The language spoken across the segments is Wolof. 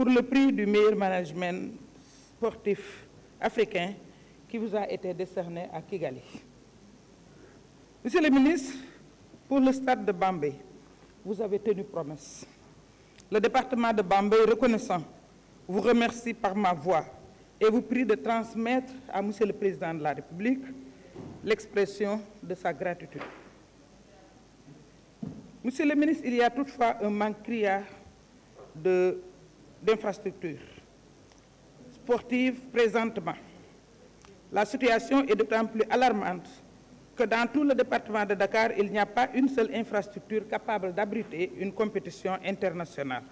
pour le prix du meilleur management sportif africain qui vous a été décerné à Kigali. Monsieur le ministre, pour le stade de Bambay, vous avez tenu promesse. Le département de Bambay, reconnaissant, vous remercie par ma voix et vous prie de transmettre à Monsieur le Président de la République l'expression de sa gratitude. Monsieur le ministre, il y a toutefois un manque criard de d'infrastructures sportives présentement. La situation est d'autant plus alarmante que dans tout le département de Dakar, il n'y a pas une seule infrastructure capable d'abriter une compétition internationale.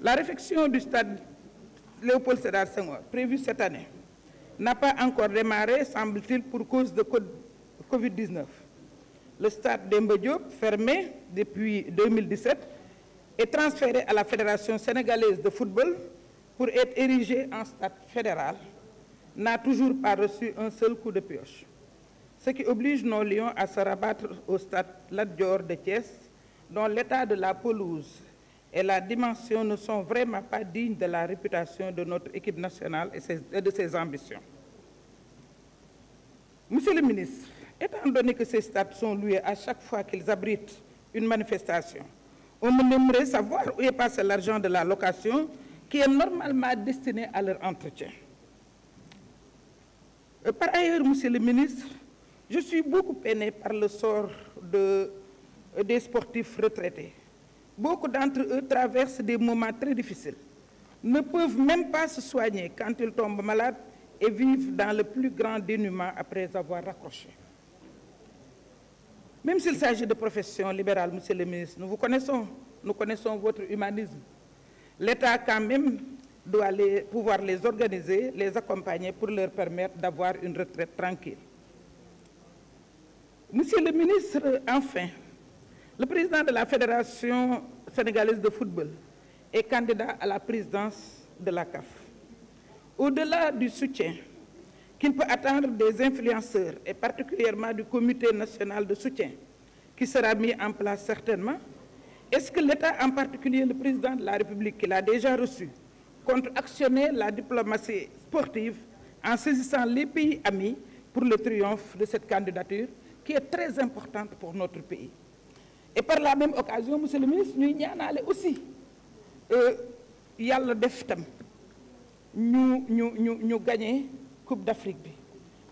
La réfection du stade Léopold Sédar Senghor, prévue cette année, n'a pas encore semble t pour cause de COVID-19. le stade Demba Diop, fermé depuis 2017, est transféré à la Fédération sénégalaise de football pour être érigé en stade fédéral, n'a toujours pas reçu un seul coup de pioche. Ce qui oblige nos Lions à se rabattre au stade Ladior de Thiès, dont l'état de la pelouse et la dimension ne sont vraiment pas dignes de la réputation de notre équipe nationale et de ses ambitions. Monsieur le ministre, Étant donné que ces stades sont loués à chaque fois qu'ils abritent une manifestation, on aimerait savoir où est passé l'argent de la location qui est normalement destiné à leur entretien. Euh, par ailleurs, Monsieur le ministre, je suis beaucoup peiné par le sort de, euh, des sportifs retraités. Beaucoup d'entre eux traversent des moments très difficiles, ne peuvent même pas se soigner quand ils tombent malades et vivent dans le plus grand dénuement après avoir raccroché. Même s'il s'agit de profession libérales, Monsieur le ministre, nous vous connaissons, nous connaissons votre humanisme. L'État quand même doit les, pouvoir les organiser, les accompagner pour leur permettre d'avoir une retraite tranquille. Monsieur le ministre, enfin, le président de la Fédération sénégalaise de football est candidat à la présidence de la CAF. Au-delà du soutien qu'il peut attendre des influenceurs et particulièrement du comité national de soutien qui sera mis en place certainement Est-ce que l'État, en particulier le président de la République qui l'a déjà reçu, compte actionner la diplomatie sportive en saisissant les pays amis pour le triomphe de cette candidature qui est très importante pour notre pays et par la même occasion monsieur le ministre ñuy ñaanaale aussi euh, yàlla def tam ñu ñu ñu coupe d'Afrique bi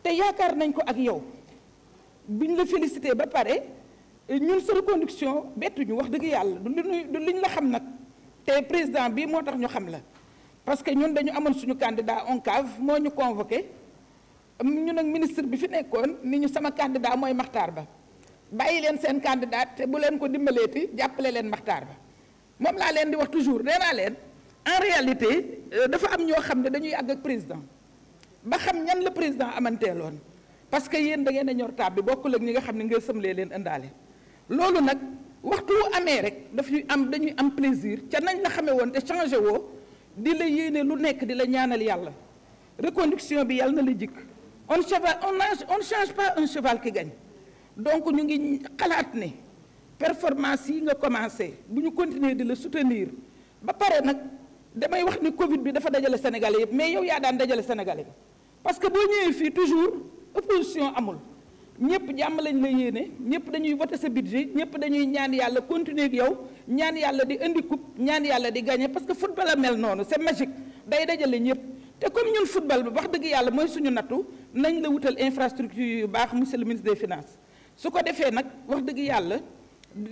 te yaakaar nañ ko ak yow biñ la félicité ba pare ñun sa reconduction bettuñu wax dëgg yàlla du lu du liñ la xam nag te président bi moo tax ñu xam la parce que ñun dañu amoon suñu candidat ONCAV moo ñu convoqué ñun ak ministre bi fi nekkoon ni ñu sama candidat mooy maxtaar Ba bàyyi leen seen candidat te bu leen ko dimbaleeti jàppale leen maxtaar Ba moom laa leen di wax toujours nee naa leen en réalité euh, dafa am ñoo xam ne dañuy àgg ak président ba xam ñan la président amanteeloon parce que yéen da ngeen a ñor taab bi bokkul ak ñi nga xam ne nga sëmlee leen indaale loolu nag waxtu wu amee rek daf ñuy am dañuy am plaisir ca nañ la xamee woon te changé woo di la yéene lu nekk di la ñaanal yàlla reconduction bi yàlla na la jikk on cheval on on change pas un cheval qui gagne donc ñu ngi xalaat ne performance yi nga commencé bu ñu continuer di la soutenir ba pare nag damay wax ni Covid bi dafa dajale Sénégalais yëpp mais yow yaa daan dajale Sénégalais bi parce que boo ñëwee fii toujours opposition amul ñëpp jàmm lañ la yéene ñëpp dañuy voté sa budget ñëpp dañuy ñaan yàlla continuer ak yow ñaan yàlla di indi coupe ñaan yàlla di gagné parce que football a mel noonu c'est magique day dajale ñëpp te comme ñun football bi wax dëgg yàlla mooy suñu nattu nañ la wutal infrastructure yu baax monsieur le ministre des finances su ko defee nag wax dëgg yàlla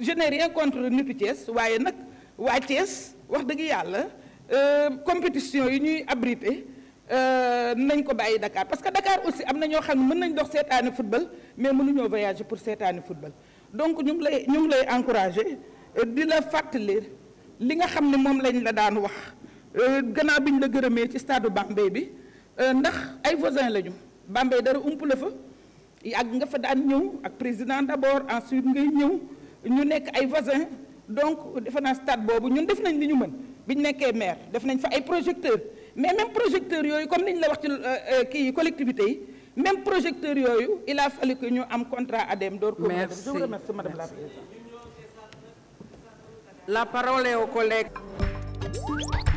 je n'ai rien contre nitu Thiès waaye nag waa Thiès wax dëgg yàlla euh, compétition yi ñuy abrité Euh, nañ ko bàyyi Dakar parce que dakaar aussi am na ñoo xam ne mën nañ dox seetaani football mais mënuñoo voyager pour seetaani football donc ñu ngi lay ñu ngi lay encourager euh, di la fàttali li nga xam ne moom lañ la daan wax euh, gannaaw bi ñu la gërëmee ci stade Bambey bi ndax ay voisins lañu Bambey dara ump la fa ak nga fa daan ñëw ak président d'abord ensuite ngay ñëw ñu nekk ay voisins donc defe naa stade boobu ñun def nañ li ñu mën bi ñu nekkee maire def nañ fa ay projecteurs. mais même projecteur yooyu comme ni ñu la wax ci euh, euh, kii collectivité yi même projecteur yooyu il a fallu ñu am contrat ADEM door ko je vous remercie madame la présidente la parole est